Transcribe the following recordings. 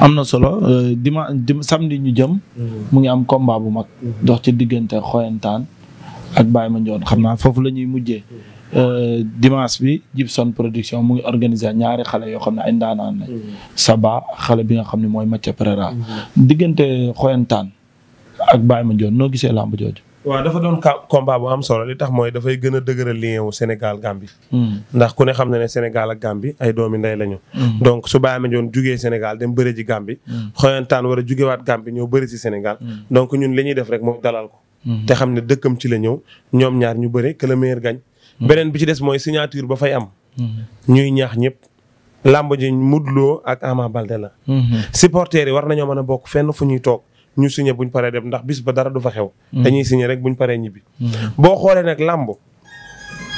am na solo euh, dima samedi ñu jëm. Mm-hmm. mu ngi am combat bu mag. Mm-hmm. dox ci diggante xoyantaan ak Baye Mandione xam naa foofu la ñuy mujjee. Mm-hmm. Euh, dimanche bi Gibson production mu ngi organiser ñaari xale yoo xam ne ay ndaanaan lañ. Saba xale bi nga xam ne mooy Mathia Pereira. diggante xoyantaan ak Baye Mandione noo gisee làmb jooju. waaw dafa doon combat bu am solo li tax mooy dafay gën a dëgëral lien wu Sénégal Gambie. Hmm. ndax ku ne xam na ne Sénégal ak Gambie ay doomi ndey lañu. Hmm. donc su Baye joon jugee Sénégal dem bëre ji Gambie. Hmm. xoyantaan war a jugewaat Gambie ñëw bëri si Sénégal. donc ñun li ñuy def rek moom dalal ko. te xam ne dëkkam ci la ñëw ñoom ñaar ñu bëre que le gañ beneen bi ci des mooy signature ba fay am. ñuy ñaax ñëpp. làmb ji Modou ak amaa Baldé la. supporters yi war nañoo mën a bokk fenn fu ñuy toog. ñu signé buñ paree dem ndax bis ba dara du fa xew. Mm. dañuy signé rek buñ paree ñibbi. Mm-hmm. boo xoolee nag làmb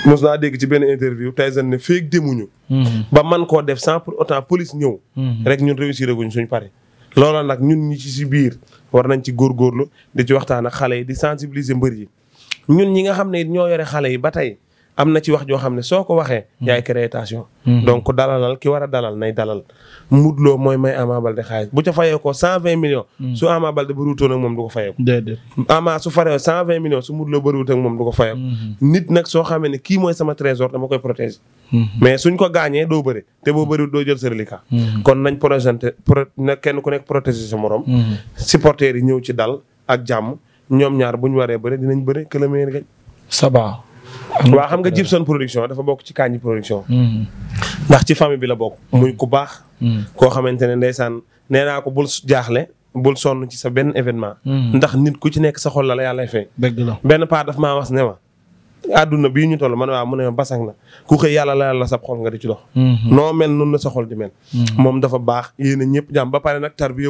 mos naa dégg ci benn interview Tyson ne feeg demuñu. Mm-hmm. ba man koo def sans pour autant police ñëw. Mm-hmm. rek ñun réussir guñ suñ pare. loola nag ñun ñi ci si biir war nañ ci góor góorlu di ci waxtaan ak xale yi di sensibiliser mbër yi ñun ñi nga xam ne ñoo yore xale yi ba tey am na ci wax joo xam ne soo ko waxee. Mm. yaay créé tension. Mm. donc dalalal ki war a dalal nay dalal. Modou loo mooy may Ama Baldé xaalis bu ca fayee ko cent vingt millions. Mm. su Ama Baldé bëriwutoon ak moom du ko fayee ko. su faree cent vingt millions su Modou Lo moom du ko fayee ko. Mm-hmm. nit nag soo xamee ne kii mooy sama trésor dama koy protéger. Mm-hmm. mais suñ ko gaañee doo bëri te boo bëriwut doo jël reliquat. Mm-hmm. kon nañ protéger pro na kenn ku nekk protéger sa morom. supporters yi ñëw ci dal ak jàmm ñoom ñaar bu ñu waree bëri dinañ bëri que le meilleur gagne. waaw xam nga Jibson production dafa bokk ci Kandji production. Hmm. ndax ci famille bi la bokk. Hmm. muy ku baax. Hmm. koo te ne ndeysaan nee naa ko bul jaaxle bul sonn ci sa benn événement. ndax nit ku ci nekk sa xol la la yàlla fay. dëgg la benn part daf maa was ne ma. àdduna bi ñu toll man waa mu ne basang na ku xëy yàlla la la sa xol nga di ci dox. noo mel noonu la sa xol di mel. moom dafa baax yéen a ñëpp jàmm ba pare nag tar bi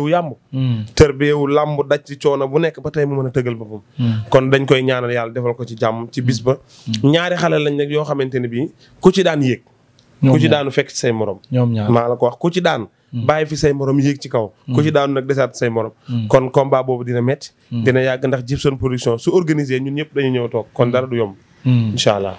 tarbiya wu làmb daj ci coono bu nekk ba tey mu mën a tëgal boppam. Hmm. kon dañ koy ñaanal yàlla defal ko ci jàmm ci bis ba. Hmm. ñaari xale lañ nag yoo xamante ne bii ku ci daan yéeg. ku ci daanu fekk ci say morom. ñoom ñaar maa la ko wax ku ci daan. Hmm. bàyyi fi say morom yéeg ci kaw. ku ci daanu nag desaat say morom. kon combat boobu dina metti dina yàgg ndax Jibson production su organisé ñun ñëpp dañu ñëw toog kon dara du yomb. incha allah